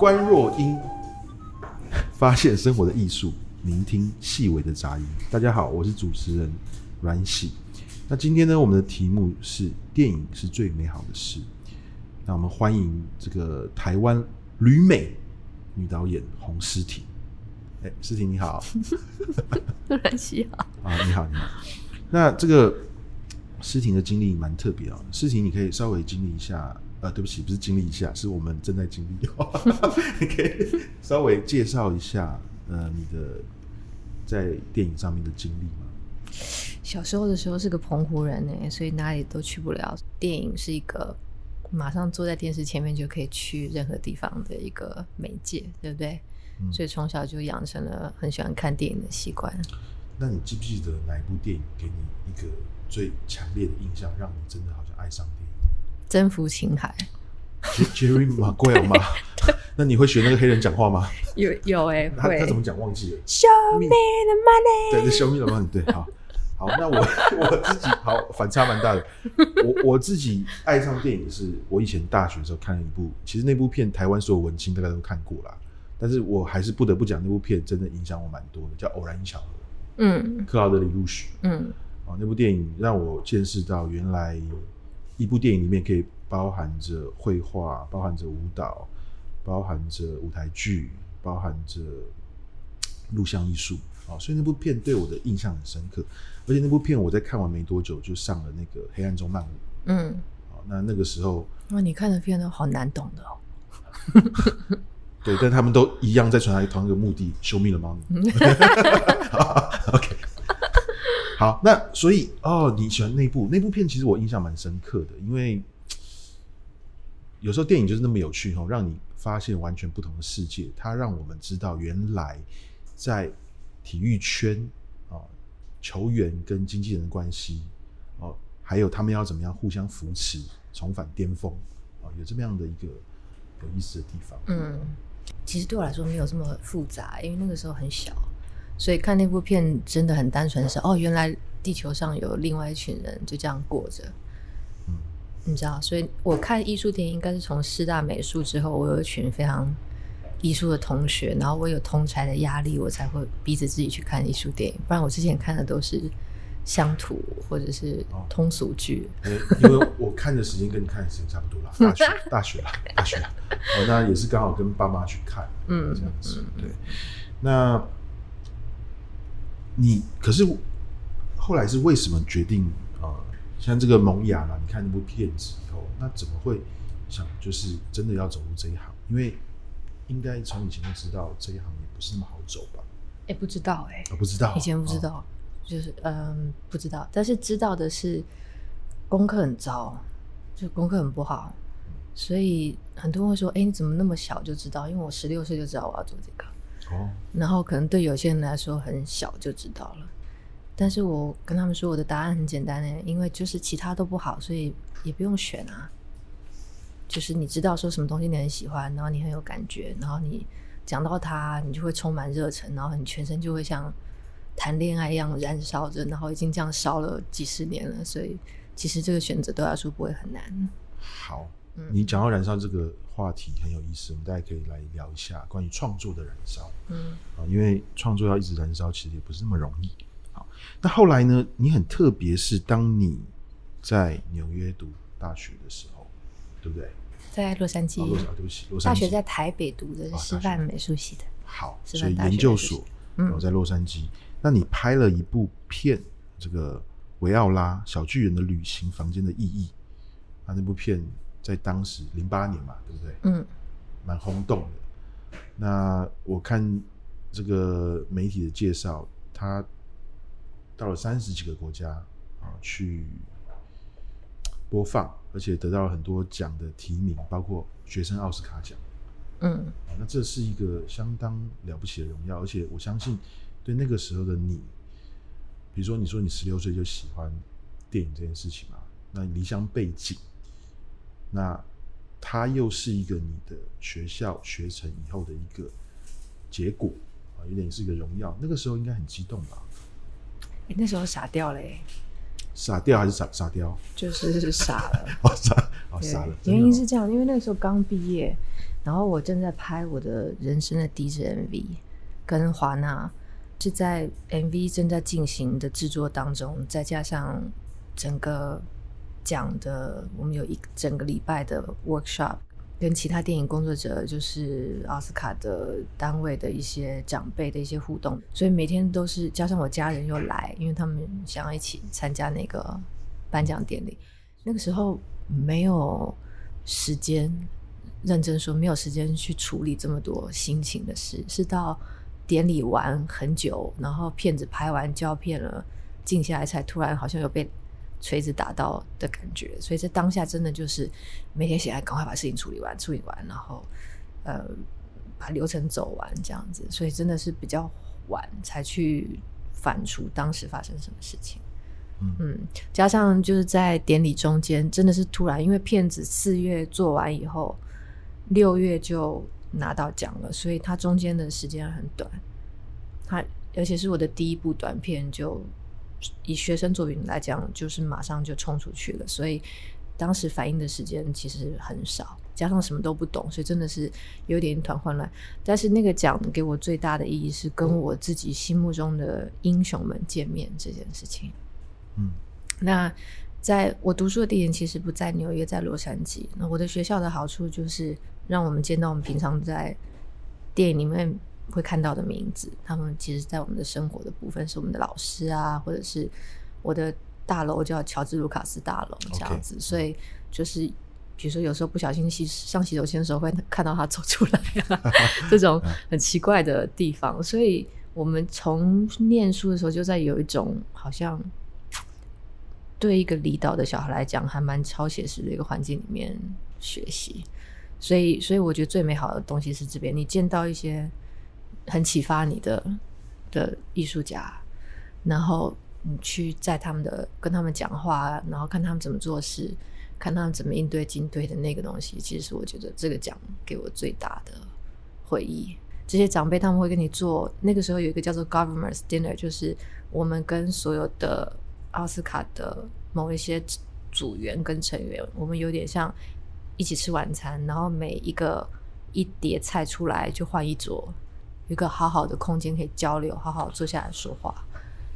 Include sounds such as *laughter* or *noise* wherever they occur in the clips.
關若英發現生活的藝術，聆聽細微的雜音。大家好，我是主持人阮喜。那今天呢，我們的題目是“電影是最美好的事”。那我們歡迎這個台灣旅美女導演洪詩婷。哎，詩婷，欸、你好，突然起好啊！你好，你好。那這個詩婷的經歷蠻特別哦。詩婷，你可以稍微經歷一下，呃，對不起，不是經歷一下，是我們正在經歷。你、哦、 *laughs* 可以稍微介紹一下，呃，你的在電影上面的經歷嗎？小時候的時候是個澎湖人呢，所以哪裡都去不了。電影是一個。馬上坐在電視前面就可以去任何地方的一個媒介，對不對？嗯、所以從小就養成了很喜歡看電影的習慣。那你記不記得哪一部電影給你一個最強烈的印象，讓你真的好像愛上電影？征服情海。杰瑞馬奎爾嗎？ *laughs* *laughs* 那你會學那個黑人講話嗎？ *laughs* 有有哎、欸 *laughs* 會，他怎麼講忘記了 show me,？Show me the money，對，Show me the money 對好好，那我我自己好反差蠻大的。我我自己愛上電影的是，是我以前大學的時候看了一部。其實那部片台灣所有文青大家都看過啦，但是我還是不得不講那部片真的影響我蠻多的，叫《偶然巧合》。嗯，克勞德·里路許。嗯，啊，那部電影讓我見識到原來一部電影裡面可以包含着繪畫，包含着舞蹈，包含着舞台劇，包含着錄像藝術。哦、所以那部片對我的印象很深刻，而且那部片我在看完沒多久就上了那個《黑暗中漫舞》，嗯、哦，那那個時候、哦，你看的片都好難懂的哦？ *laughs* *laughs* 對，但他們都一樣在傳達同一個目的。Show me the money OK 好，那所以哦，你喜歡那部那部片，其實我印象蠻深刻的，因為有時候電影就是那麼有趣哦，讓你發現完全不同的世界，它讓我們知道原來在。體育圈啊、哦，球員跟經紀人的關係哦，還有他們要怎麼樣互相扶持，重返巔峰啊、哦，有這麼樣的一個有意思的地方。嗯，其實對我來說沒有這麼複雜，因為那個時候很小，所以看那部片真的很單純是，是、嗯、哦，原來地球上有另外一群人就這樣過着。嗯，你知道，所以我看藝術電影應該是從師大美術之後，我有一群非常藝術的同學，然後我有同儕的壓力，我才會逼着自己去看藝術電影。不然我之前看的都是鄉土或者是通俗劇、哦欸。因為我看的時間跟你看的時間差不多了， *laughs* 大學，大學了，大學。 *laughs* 哦，那也是剛好跟爸媽去看，嗯，這樣子，嗯、對。那你可是後來是為什麼決定啊、呃？像這個萌芽嘛，你看那部片子以後，那怎麼會想就是真的要走入這一行因為應該從以前就知道這一行也不是那麼好走吧？哎，不知道哎，哦，不知道，以前不知道，哦，就是嗯，不知道。但是知道的是，功課很糟，就功課很不好，所以很多人會說：“哎，你怎麼那麼小就知道？”因為我十六歲就知道我要做這個。哦，然後可能對有些人來說很小就知道了，但是我跟他們說我的答案很簡單哎，因為就是其他都不好，所以也不用選啊。就是你知道說什麼東西你很喜歡，然後你很有感覺，然後你講到它，你就會充滿熱忱，然後你全身就會像談戀愛一樣燃燒着，然後已經這樣燒了幾十年了，所以其實這個選擇對我來說不會很難。好，你講到燃燒這個話題很有意思。嗯，我們大家可以來聊一下關於創作的燃燒。嗯，啊，因為創作要一直燃燒，其實也不是那麼容易。好，那後來呢？你很特別是當你在紐約讀大學的時候，對不對？在洛杉磯，對不起，大學在台北讀的是師範美術系的。好，所以研究所，然後在洛杉磯。嗯、那你拍了一部片，這個《維奧拉小巨人的旅行：房間的意義》啊，那這部片在當時零八年嘛，對不對？嗯，蠻轟動的。那我看這個媒體的介紹，他到了三十幾個國家啊去。播放，而且得到了很多獎的提名，包括學生奧斯卡獎。嗯。啊，那這是一個相當了不起的榮耀，而且我相信，對那個時候的你，比如說你說你十六歲就喜歡電影這件事情嘛，那離鄉背景，那它又是一個你的學校學成以後的一個結果啊，有點是一個榮耀。那個時候應該很激動吧？欸，那時候傻掉了欸。傻掉還是傻傻掉？就是傻了，好、 *laughs* 哦、傻，好對、哦、傻了。原因是這樣， *laughs* 因為那時候剛畢業，然後我正在拍我的人生的第一支 MV，跟華納是在 MV 正在進行的制作當中，再加上整個講的，我們有一整個禮拜的 workshop。跟其他電影工作者，就是奧斯卡的單位的一些長輩的一些互動，所以每天都是加上我家人又來，因為他們想要一起參加那個頒獎典禮。那個時候沒有時間認真說，沒有時間去處理這麼多心情的事，是到典禮完很久，然後片子拍完交片了，靜下來才突然好像有被。錘子打到的感覺，所以在當下真的就是每天醒來趕快把事情處理完，處理完然後呃把流程走完這樣子，所以真的是比較晚才去反芻當時發生什麼事情。嗯，嗯，加上就是在典禮中間真的是突然，因為片子四月做完以後，六月就拿到獎了，所以它中間的時間很短。它而且是我的第一部短片就。以學生作品來講，就是馬上就衝出去了，所以當時反應的時間其實很少，加上什麼都不懂，所以真的是有點一團混亂。但是那個獎給我最大的意義是跟我自己心目中的英雄們見面這件事情。嗯，那在我讀書的地點其實不在紐約，在洛杉磯。那我的學校的好處就是讓我們見到我們平常在電影裡面，會看到的名字，他們其實，在我們的生活的部分是我們的老師啊，或者是我的大樓叫喬治盧卡斯大樓這樣子，所以就是比如說有時候不小心洗上洗手間的時候會看到他走出來，啊， *laughs* 這種很奇怪的地方， *laughs* 所以我們從念書的時候就在有一種好像對一個離島的小孩來講還蠻超寫實的一個環境裡面學習，所以所以我覺得最美好的東西是這邊你見到一些。很啟發你的的藝術家，然後你去在他們的跟他們講話，然後看他們怎麼做事，看他們怎麼應對應對的那個東西，其實是我覺得這個獎給我最大的回憶。這些長輩他們會跟你做，那個時候有一個叫做 Governors Dinner，就是我們跟所有的奧斯卡的某一些組員跟成員，我們有點像一起吃晚餐，然後每一個一碟菜出來就換一桌。一個好好的空間可以交流，好好坐下來說話，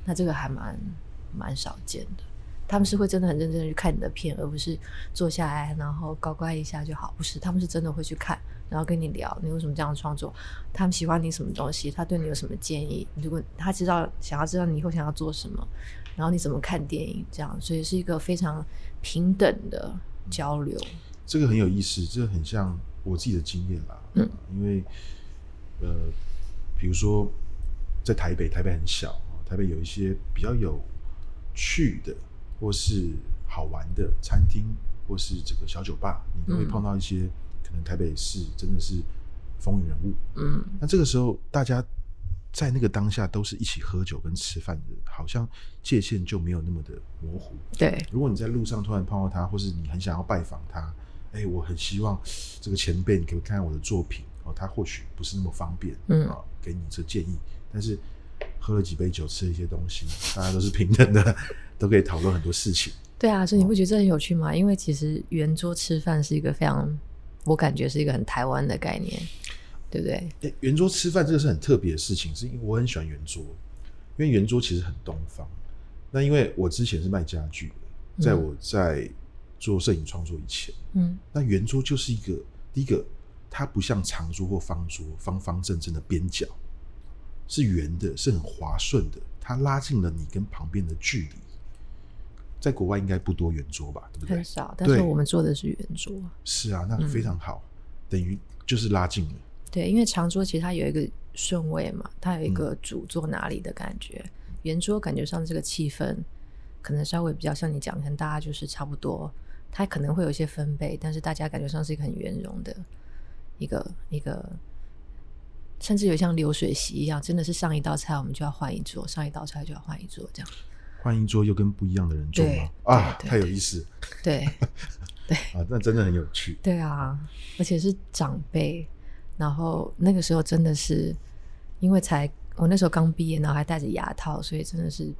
那這個還蠻蠻少見的。他們是會真的很認真的去看你的片，而不是坐下來然後高乖一下就好。不是，他們是真的會去看，然後跟你聊你為什麼這樣創作，他們喜歡你什麼東西，他對你有什麼建議？如果他知道想要知道你以後想要做什麼，然後你怎麼看電影，這樣，所以是一個非常平等的交流。嗯，這個很有意思，這個很像我自己的經驗啦。嗯，因為呃。比如說，在台北，台北很小，台北有一些比較有趣的或是好玩的餐廳，或是這個小酒吧，你都會碰到一些可能台北市真的是風雲人物。嗯，那這個時候大家在那個當下都是一起喝酒跟吃飯的，好像界限就沒有那麼的模糊。對，如果你在路上突然碰到他，或是你很想要拜訪他，哎、欸，我很希望這個前輩，你可以看看我的作品。他或許不是那麼方便，嗯、哦、啊，給你這建議，嗯、但是喝了幾杯酒，吃了一些東西，大家都是平等的， *laughs* 都可以討論很多事情。對啊，所以你不覺得這很有趣嗎？嗯、因為其實圓桌吃飯是一個非常，我感覺是一個很台灣的概念，對不對？欸、圓桌吃飯這個是很特別的事情，是因為我很喜歡圓桌，因為圓桌其實很東方。那因為我之前是賣家具，在我在做攝影創作以前，嗯，那圓桌就是一個第一個。它不像長桌或方桌，方方正正的邊角是圓的，是很滑順的。它拉近了你跟旁邊的距離。在國外應該不多圓桌吧？對不對？很少。但是對我們坐的是圓桌。是啊，那非常好，嗯、等於就是拉近了。對，因為長桌其實它有一個順位嘛，它有一個主坐哪裡的感覺。圓、嗯、桌感覺上這個氣氛可能稍微比較像你講，可能大家就是差不多。它可能會有一些分貝，但是大家感覺上是一個很圓融的。一個一個，甚至有像流水席一樣，真的是上一道菜我們就要換一桌，上一道菜就要換一桌，這樣換一桌又跟不一樣的人坐嗎？對啊，對對對，太有意思對！對對 *laughs* 啊，那真的很有趣。對啊，而且是長輩，然後那個時候真的是因為才我那時候剛畢業，然後還戴着牙套，所以真的是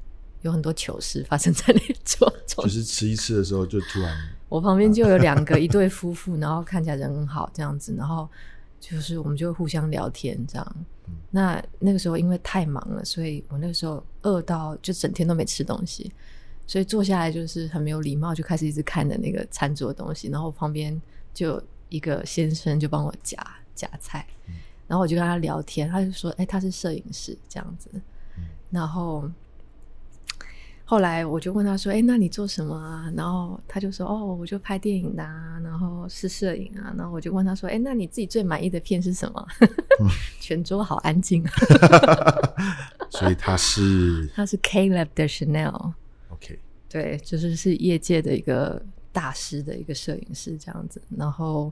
有很多糗事發生在那桌。就是吃一次的時候就突然。 *laughs* 我旁邊就有兩個 *laughs* 一對夫婦，然後看起來人很好這樣子，然後就是我們就互相聊天這樣。嗯、那那個時候因為太忙了，所以我那個時候餓到就整天都沒吃東西，所以坐下來就是很沒有禮貌，就開始一直看着那個餐桌的東西。然後旁邊就一個先生就幫我夾夾菜，嗯、然後我就跟他聊天，他就說：“哎、欸，他是攝影師這樣子。”嗯、然後。後來我就問他說：“哎、欸，那你做什麼啊？”然後他就說：“哦，我就拍電影啊，然後是攝影啊。”然後我就問他說：“哎、欸，那你自己最滿意的片是什麼？” *laughs* 全桌好安靜、啊。 *laughs* *laughs* 所以他是他是 Caleb Deschanel。OK，對，就是是業界的一個大師的一個攝影師這樣子。然後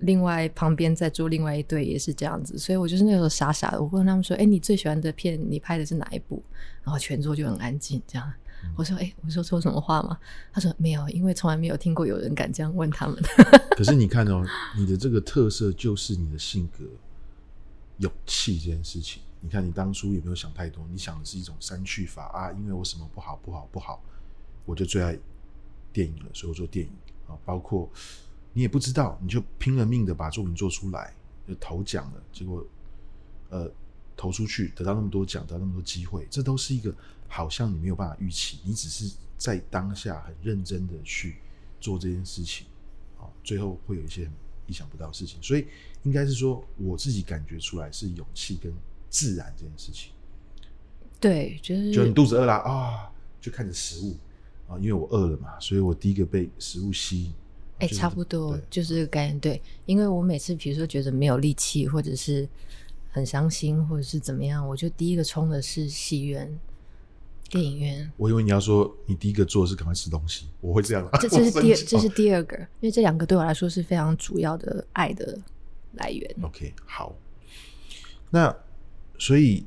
另外旁邊在坐另外一對也是這樣子，所以我就是那時候傻傻的，我問他們說：“哎、欸，你最喜歡的片，你拍的是哪一部？”然後全桌就很安靜這樣。我說：“哎、欸，我說錯什麼話嗎？”他說：“沒有，因為從來沒有聽過有人敢這樣問他們。 *laughs* ”可是你看哦，你的這個特色就是你的性格、勇氣這件事情。你看你當初有沒有想太多？你想的是一種刪去法啊？因為我什麼不好不好不好，我就最愛電影了，所以我做電影啊。包括你也不知道，你就拼了命的把作品做出來，就投獎了，結果呃投出去得到那麼多獎，得到那麼多機會，這都是一個。好像你沒有辦法預期，你只是在當下很認真的去做這件事情，最後會有一些意想不到的事情。所以應該是說，我自己感覺出來是勇氣跟自然這件事情。對，就是就你肚子餓了啊，哦、就看着食物啊，因為我餓了嘛，所以我第一個被食物吸引。哎、欸，就是、差不多對就是這個概念對，因為我每次比如說覺得沒有力氣，或者是很傷心，或者是怎麼樣，我就第一個衝的是戲院。電影院，我以為你要說你第一個做的是趕快吃東西，我會這樣。這這是第這是第二個，因為這兩個對我來說是非常主要的愛的來源。OK，好，那所以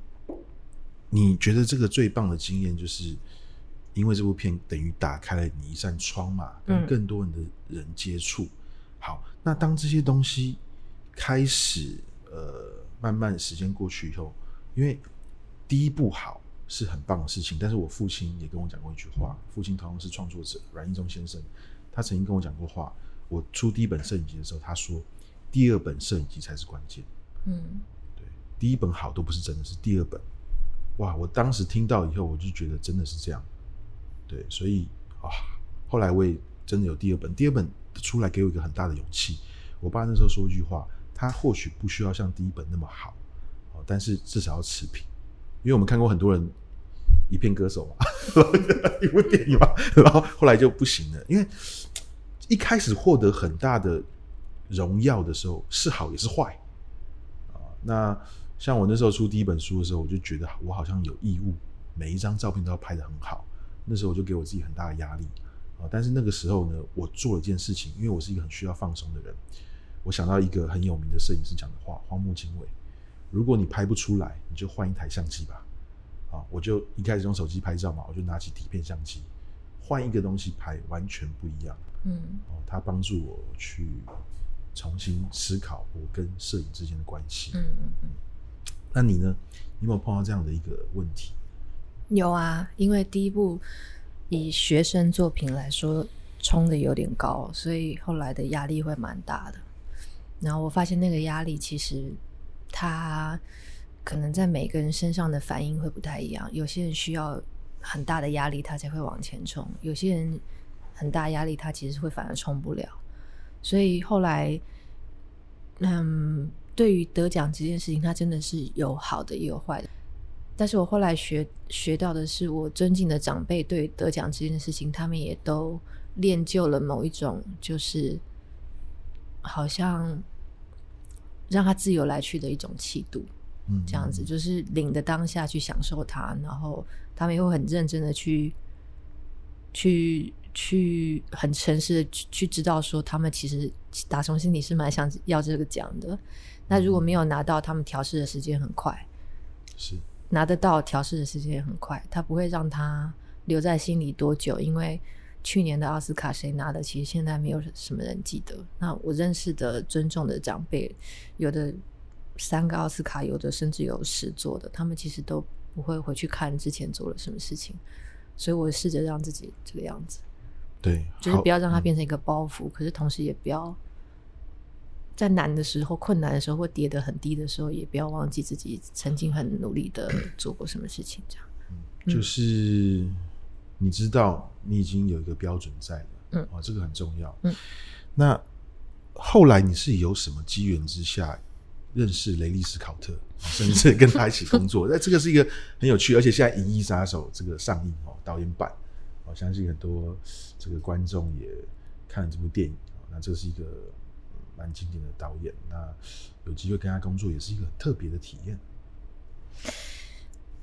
你覺得這個最棒的經驗就是，因為這部片等於打開了你一扇窗嘛，跟更多人的人接觸。嗯、好，那當這些東西開始呃慢慢時間過去以後，因為第一步好。是很棒的事情，但是我父親也跟我講過一句話。嗯、父親同樣是創作者，阮義忠先生，他曾經跟我講過話。我出第一本攝影集的時候，他說：“第二本攝影集才是關鍵。”嗯，對，第一本好都不是真的，是第二本。哇！我當時聽到以後，我就覺得真的是這樣。對，所以啊、哦，後來我也真的有第二本。第二本出來，給我一個很大的勇氣。我爸那時候說一句話：“他或許不需要像第一本那麼好，哦，但是至少要持平。”因為我們看過很多人，一片歌手嘛， *laughs* 一部電影嘛，然後後來就不行了。因為一開始獲得很大的榮耀的時候，是好也是壞。那像我那時候出第一本書的時候，我就覺得我好像有義務，每一張照片都要拍得很好。那時候我就給我自己很大的壓力。但是那個時候呢，我做了一件事情，因為我是一個很需要放鬆的人，我想到一個很有名的攝影師講的話，荒木經惟。如果你拍不出來，你就換一台相機吧。啊，我就一開始用手機拍照嘛，我就拿起底片相機，換一個東西拍，完全不一樣。嗯，哦，它幫助我去重新思考我跟攝影之間的關係。嗯嗯嗯。那你呢？你有沒有碰到這樣的一個問題？有啊，因為第一部以學生作品來說衝得有點高，所以後來的壓力會蠻大的。然後我發現那個壓力其實。他可能在每個人身上的反應會不太一樣，有些人需要很大的壓力他才會往前衝，有些人很大的壓力他其實會反而衝不了。所以後來，嗯，對於得獎這件事情，他真的是有好的也有壞的。但是我後來學學到的是，我尊敬的長輩對得獎這件事情，他們也都練就了某一種，就是好像。讓他自由來去的一種氣度，嗯嗯嗯，這樣子就是領的當下去享受它，然後他們又很認真的去，去去很誠實的去，去知道說他們其實打從心裡是蠻想要這個獎的。那如果沒有拿到，他們調適的時間很快，是拿得到調適的時間很快，他不會讓他留在心裡多久，因為。去年的奧斯卡誰拿的？其實現在沒有什麼人記得。那我認識的尊重的長輩，有的三個奧斯卡，有的甚至有十座的，他們其實都不會回去看之前做了什麼事情。所以我試着讓自己這個樣子，對，就是不要讓它變成一個包袱。嗯、可是同時也不要，在難的時候、困難的時候或跌得很低的時候，也不要忘記自己曾經很努力的做過什麼事情。這樣，嗯、就是。你知道你已經有一個標準在了，嗯，哦、啊，這個很重要。嗯，那後來你是有什麼機緣之下認識雷利斯考特，甚至跟他一起工作？ *laughs* 那這個是一個很有趣，而且現在《銀翼殺手》這個上映哦，導演版，我、啊、相信很多這個觀眾也看了這部電影。那這是一個蠻經典的導演，那有機會跟他工作也是一個很特別的體驗。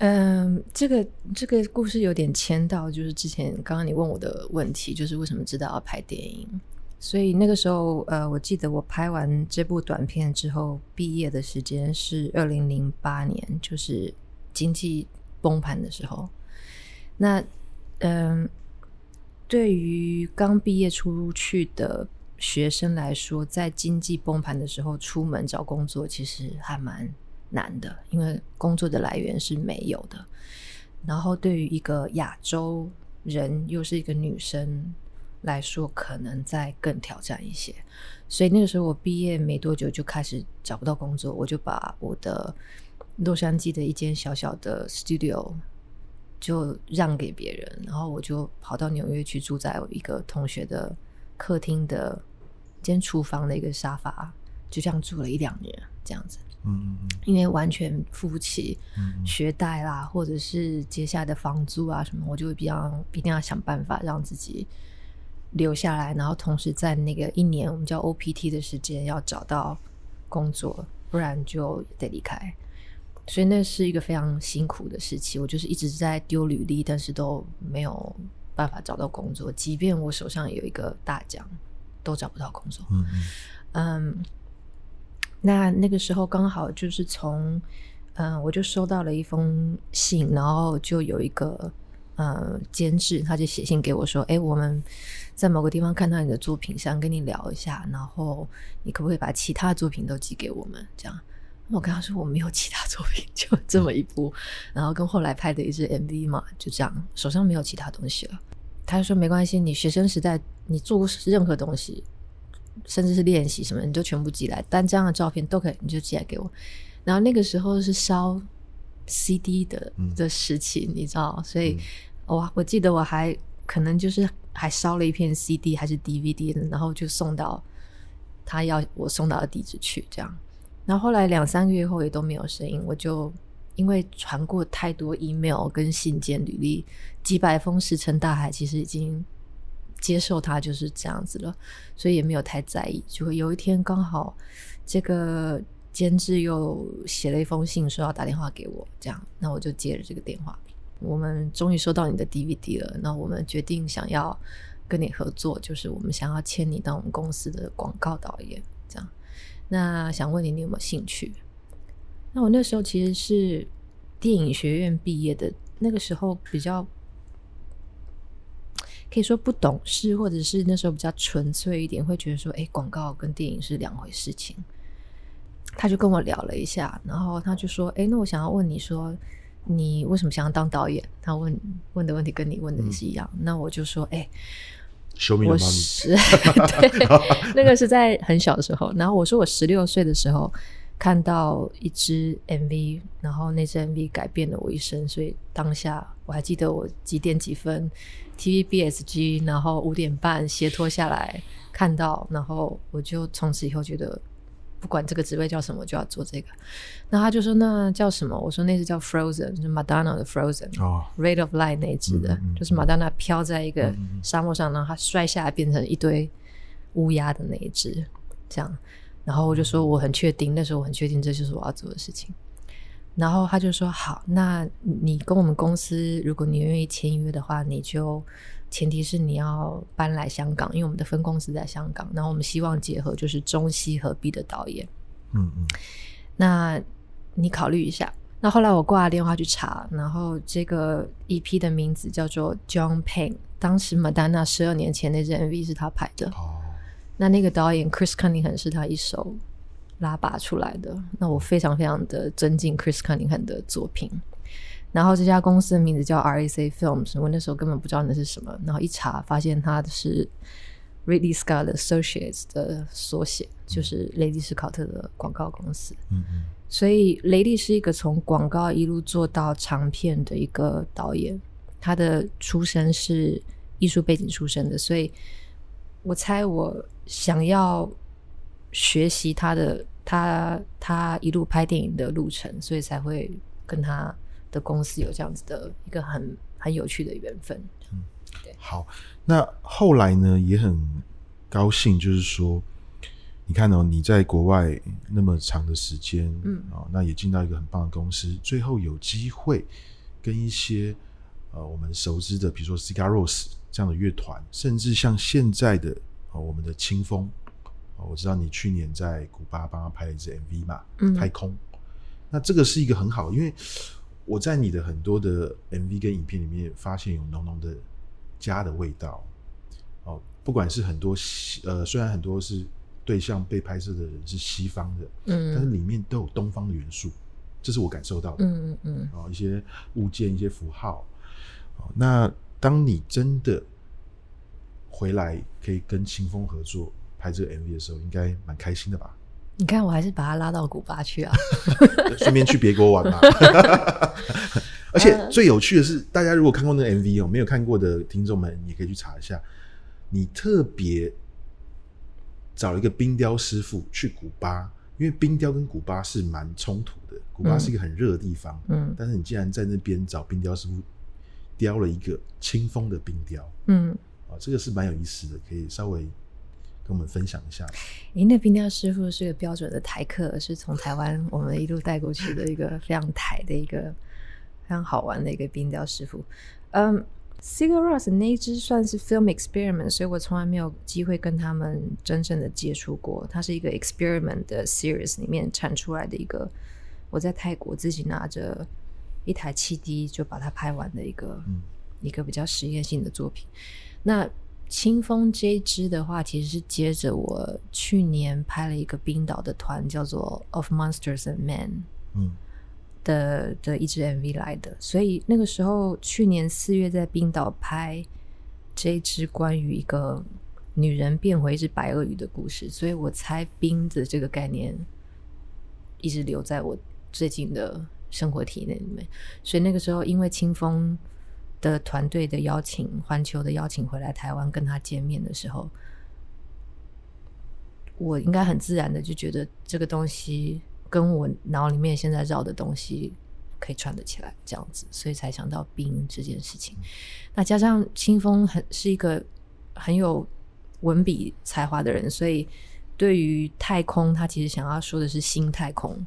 嗯，這個這個故事有點牽到，就是之前剛剛你問我的問題，就是為什麼知道要拍電影？所以那個時候，呃，我記得我拍完這部短片之後，畢業的時間是二零零八年，就是經濟崩盤的時候。那嗯，對於剛畢業出去的學生來說，在經濟崩盤的時候出門找工作，其實還蠻難的，因為工作的來源是沒有的。然後對於一個亞洲人，又是一個女生來說，可能再更挑戰一些。所以那個時候我畢業沒多久就開始找不到工作，我就把我的洛杉磯的一間小小的 studio 就讓給別人，然後我就跑到紐約去住在一個同學的客廳的一間廚房的一個沙發，就這樣住了一兩年，這樣子。嗯，因為完全付不起學貸啦，或者是接下來的房租啊什麼，我就會比較一定要想辦法讓自己留下來，然後同時在那個一年我們叫 OPT 的時間要找到工作，不然就得離開。所以那是一個非常辛苦的時期，我就是一直在丟履歷，但是都沒有辦法找到工作，即便我手上有一個大獎，都找不到工作。嗯，嗯。Um, 那那個時候剛好就是從，嗯、呃，我就收到了一封信，然後就有一個呃，監製他就寫信給我說，哎、欸，我們在某個地方看到你的作品，想跟你聊一下，然後你可不可以把其他作品都寄給我們？這樣，我跟他說我沒有其他作品，就這麼一部， *laughs* 然後跟後來拍的一支 MV 嘛，就這樣，手上沒有其他東西了。他就說沒關係，你學生時代你做過任何東西。甚至是練習什麼，你就全部寄來單張的照片都可以，你就寄來給我。然後那個時候是燒 CD 的的事情、嗯、你知道，所以我,我記得我還可能就是還燒了一片 CD 還是 DVD 然後就送到他要我送到的地址去。這樣，然後後來兩三個月後也都沒有聲音，我就因為傳過太多 email 跟信件履歷幾百封石沉大海，其實已經。接受他就是這樣子了，所以也沒有太在意。就會有一天剛好這個監製又寫了一封信，說要打電話給我，這樣，那我就接了這個電話。我們終於收到你的 DVD 了，那我們決定想要跟你合作，就是我們想要簽你當我們公司的廣告導演，這樣。那想問你，你有沒有興趣？那我那時候其實是電影學院畢業的，那個時候比較。可以說不懂事，或者是那時候比較純粹一點，會覺得說，哎、欸，廣告跟電影是兩回事情。他就跟我聊了一下，然後他就說，哎、欸，那我想要問你說，你為什麼想要當導演？他問問的問題跟你問的是一樣。嗯、那我就說，哎、欸，我十的媽對， *laughs* *laughs* 那個是在很小的時候。然後我說，我十六歲的時候。看到一支 MV，然後那支 MV 改變了我一生，所以當下我還記得我幾點幾分，TVBS G，然後五點半鞋脫下來看到，然後我就從此以後覺得不管這個職位叫什麼，就要做這個。那他就說，那叫什麼？我說那是叫 Frozen，就是 Madonna 的 Frozen，哦、oh. Ray of Light 那隻的，嗯嗯嗯、就是 Madonna 飄在一個沙漠上，嗯嗯、然後她摔下來變成一堆烏鴉的那一只，這樣。然後我就說我很確定，那時候我很確定這就是我要做的事情。然後他就說好，那你跟我們公司，如果你願意簽約的話，你就前提是你要搬來香港，因為我們的分公司在香港。然後我們希望結合就是中西合璧的導演，嗯嗯。那你考慮一下。那後來我掛了電話去查，然後這個 EP 的名字叫做 John Peng，當時瑪丹娜十二年前那支 MV 是他拍的。哦。那那個導演 Chris Cunningham 是他一手拉拔出來的，那我非常非常的尊敬 Chris Cunningham 的作品。然後這家公司的名字叫 RSA Films，我那時候根本不知道那是什麼，然後一查發現它是 Ridley Scott Associates 的縮寫，就是雷迪斯考特的廣告公司。嗯嗯。所以雷迪是一個從廣告一路做到長片的一個導演，他的出身是藝術背景出身的，所以。我猜我想要學習他的他他一路拍電影的路程，所以才會跟他的公司有這樣子的一個很很有趣的緣分。嗯，對。好，那後來呢也很高興，就是說，你看哦，你在國外那麼長的時間，嗯，哦，那也進到一個很棒的公司，最後有機會跟一些。呃，我們熟知的，比如說 Cigarros 這樣的樂團，甚至像現在的呃我們的清風、呃，我知道你去年在古巴幫他拍了一支 MV 嘛，嗯，太空，那這個是一個很好，因為我在你的很多的 MV 跟影片裡面，發現有濃濃的家的味道，哦、呃，不管是很多西呃，雖然很多是對象被拍攝的人是西方的，嗯，但是裡面都有東方的元素，這是我感受到的，嗯嗯嗯、呃，一些物件，一些符號。那當你真的回來，可以跟清風合作拍這個 MV 的時候，應該蠻開心的吧？你看，我還是把他拉到古巴去啊，順 *laughs* 便去別國玩嘛。 *laughs* 而且最有趣的是，大家如果看過那個 MV 哦，沒有看過的聽眾們，也可以去查一下。你特別找一個冰雕師傅去古巴，因為冰雕跟古巴是蠻衝突的。古巴是一個很熱的地方，嗯，但是你竟然在那邊找冰雕師傅。雕了一個清風的冰雕，嗯，啊，這個是蠻有意思的，可以稍微跟我們分享一下。您、嗯、的冰雕師傅是個標準的台客，是從台灣我們一路帶過去的一個非常台的一個非常好玩的一個冰雕師傅。嗯、um,，Cigar Rose 那一支算是 Film Experiment，所以我從來沒有機會跟他們真正的接觸過。它是一個 Experiment 的 Series 裡面產出來的一個，我在泰國自己拿着。一台七 D 就把它拍完的一個、嗯、一個比較實驗性的作品。那清風這一支的話，其實是接着我去年拍了一個冰島的團，叫做《Of Monsters and Men》的嗯的的一支 MV 來的。所以那個時候，去年四月在冰島拍這一支關於一個女人變回一隻白鱷魚的故事。所以我猜冰的這個概念一直留在我最近的生活體驗裡面，所以那個時候，因為清風的團隊的邀請，環球的邀請回來台灣跟他見面的時候，我應該很自然的就覺得這個東西跟我腦裡面現在繞的東西可以串得起來，這樣子，所以才想到冰這件事情。嗯、那加上清風很是一個很有文筆才華的人，所以對於太空，他其實想要說的是新太空。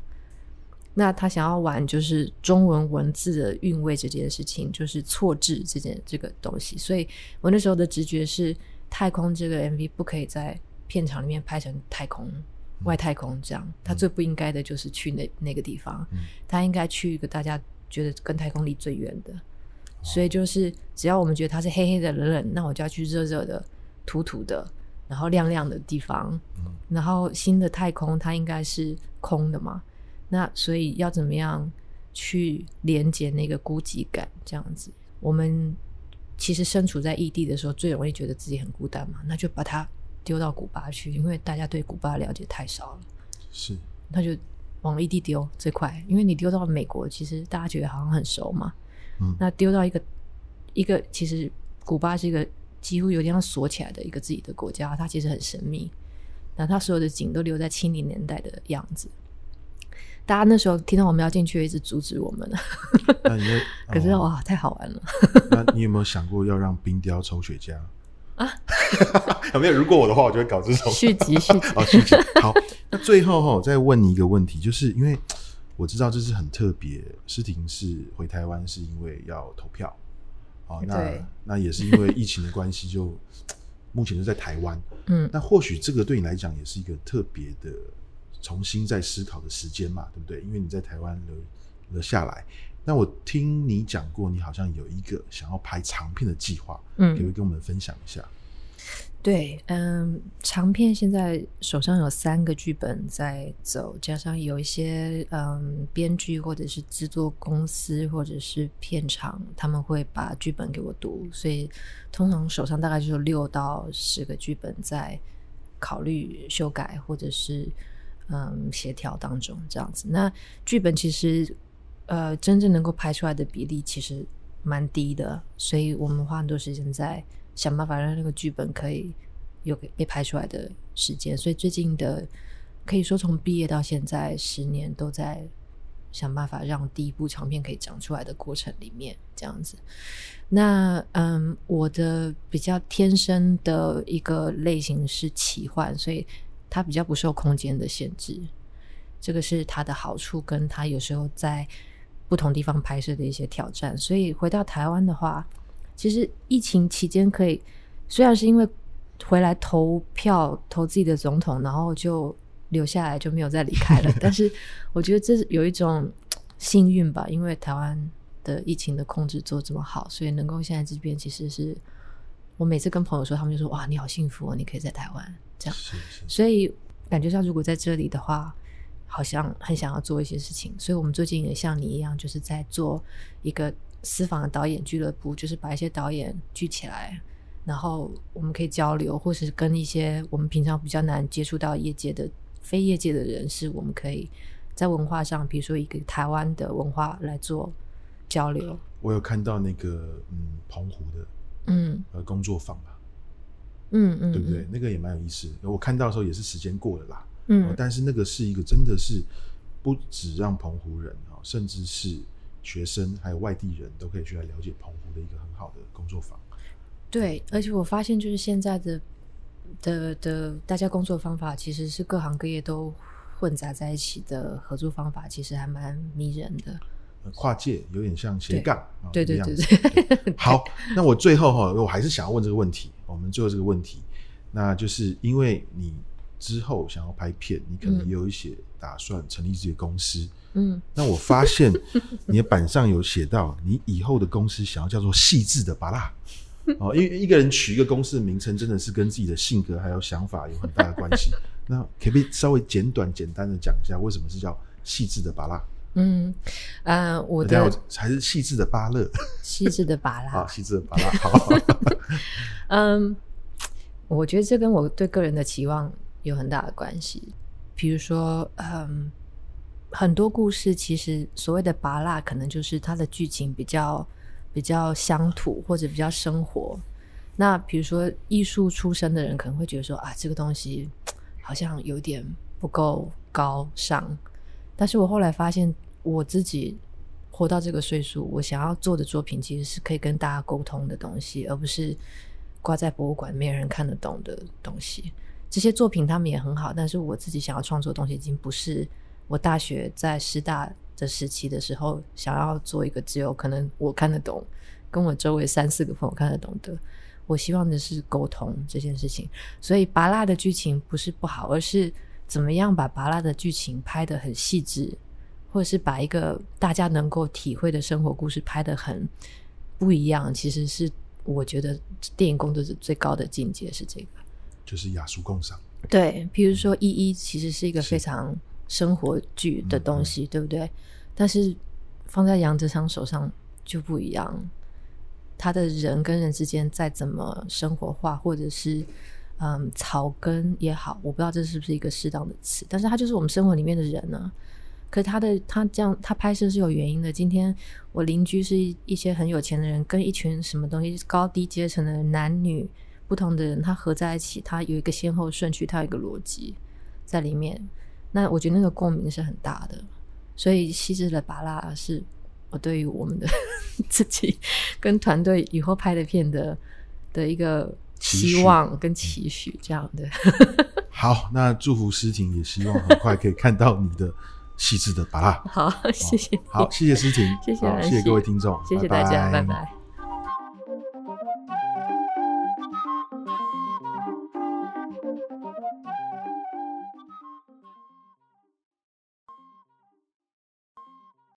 那他想要玩就是中文文字的韻味這件事情，就是錯字這件這個東西。所以我那時候的直覺是，太空這個 MV 不可以在片場裡面拍成太空、嗯、外太空這樣。他最不應該的就是去那、嗯、那個地方，嗯、他應該去一個大家覺得跟太空離最遠的。哦、所以就是，只要我們覺得它是黑黑的、冷冷，那我就要去熱熱的、土土的，然後亮亮的地方。嗯、然後新的太空，它應該是空的嘛。那所以要怎麼樣去連接那個孤寂感？這樣子，我們其實身處在異地的時候，最容易覺得自己很孤單嘛。那就把它丟到古巴去，因為大家對古巴了解太少了。是，那就往異地丟最快，因為你丟到美國，其實大家覺得好像很熟嘛。嗯，那丟到一個一個，其實古巴是一個幾乎有點像鎖起來的一個自己的國家，它其實很神秘。那它所有的景都留在七零年代的樣子。大家那時候聽到我們要進去，一直阻止我們那。那可是哇，太好玩了。那你有沒有想過要讓冰雕抽雪茄啊？有沒有，如果我的話，我就會搞這種續集續啊、 *laughs* 哦、續集。好，那最後哈，我再問你一個問題，就是因為我知道這是很特別。詩婷是回台灣是因為要投票對那那也是因為疫情的關係，就 *laughs* 目前就在台灣。嗯，那或許這個對你來講也是一個特別的。重新再思考的時間嘛，對不對？因為你在台灣留了，了下來。那我聽你講過，你好像有一個想要拍長片的計劃，嗯，可不可以跟我們分享一下？對，嗯，長片現在手上有三個劇本在走，加上有一些嗯編劇或者是制作公司或者是片場，他們會把劇本給我讀，所以通常手上大概就是六到十個劇本在考慮修改或者是。嗯，協調當中這樣子。那劇本其實，呃，真正能夠拍出來的比例其實蠻低的，所以我們花很多時間在想辦法讓那個劇本可以有被拍出來的時間。所以最近的可以說從畢業到現在十年都在想辦法讓第一部長片可以講出來的過程裡面這樣子。那嗯，我的比較天生的一個類型是奇幻，所以。它比較不受空間的限制，這個是它的好處，跟它有時候在不同地方拍攝的一些挑戰。所以回到台灣的話，其實疫情期間可以，雖然是因為回來投票投自己的總統，然後就留下來就沒有再離開了。 *laughs* 但是我覺得這是有一種幸運吧，因為台灣的疫情的控制做這麼好，所以能夠現在這邊，其實是我每次跟朋友說，他們就說：“哇，你好幸福哦，你可以在台灣。”是是，所以感覺上，如果在這裡的話，好像很想要做一些事情。所以我們最近也像你一樣，就是在做一個私房的導演俱樂部，就是把一些導演聚起來，然後我們可以交流，或是跟一些我們平常比較難接觸到業界的非業界的人士，我們可以在文化上，比如說一個台灣的文化來做交流。我有看到那個嗯，澎湖的嗯呃工作坊啊。嗯嗯嗯，嗯對不對？那個也蠻有意思。我看到的時候也是時間過的啦。嗯，但是那個是一個真的是不只讓澎湖人哦，甚至是學生還有外地人都可以去來了解澎湖的一個很好的工作坊。對，而且我發現就是現在的的的,的大家工作方法其實是各行各業都混雜在一起的合作方法，其實還蠻迷人的。跨界有點像斜槓，對,哦、對,對對對對。對好， *laughs* 對那我最後哈，我還是想要問這個問題。我們最後這個問題，那就是因為你之後想要拍片，你可能也有一些打算成立自己的公司。嗯，那我發現你的板上有寫到，你以後的公司想要叫做“細緻的巴拉”。哦，因為一個人取一個公司的名稱，真的是跟自己的性格還有想法有很大的關係。嗯，那可不可以稍微簡短、簡單的講一下，為什麼是叫細緻“細緻的巴拉”？嗯，呃、嗯，我的，才是細緻的芭樂，細緻的芭樂 *laughs* 啊，細緻的芭樂。好，好，好， *laughs* 嗯，我覺得這跟我對個人的期望有很大的關係。比如說，嗯，很多故事其實所謂的芭樂，可能就是它的劇情比較比較鄉土或者比較生活。那比如說藝術出身的人，可能會覺得說啊，這個東西好像有點不夠高尚。但是我後來發現。我自己活到這個歲數，我想要做的作品其實是可以跟大家溝通的東西，而不是掛在博物館沒有人看得懂的東西。這些作品他們也很好，但是我自己想要創作的東西已經不是我大學在師大的時期的時候想要做一個只有可能我看得懂，跟我周圍三四個朋友看得懂的。我希望的是溝通這件事情。所以芭樂的劇情不是不好，而是怎麼樣把芭樂的劇情拍得很細緻。或者是把一個大家能夠體會的生活故事拍得很不一樣，其實是我覺得電影工作者最高的境界是這個，就是雅俗共賞。對，譬如說《一一》其實是一個非常生活劇的東西，嗯嗯嗯、對不對？但是放在楊德昌手上就不一樣，他的人跟人之間再怎麼生活化，或者是嗯草根也好，我不知道這是不是一個適當的詞，但是他就是我們生活裡面的人呢、啊。可他的他這樣他拍攝是有原因的。今天我鄰居是一些很有錢的人，跟一群什麼東西高低階層的男女不同的人，他合在一起，他有一個先後順序，他有一個邏輯在裡面。那我覺得那個共鳴是很大的，所以細緻的巴拉是我對於我們的 *laughs* 自己跟團隊以後拍的片的的一個期望跟期許這樣的許、 *laughs* 嗯。好，那祝福詩婷，也希望很快可以看到你的。 *laughs* 細緻的把它。好，謝謝。好，謝謝詩婷，謝謝，謝謝各位聽眾，謝謝大家，拜拜。拜拜。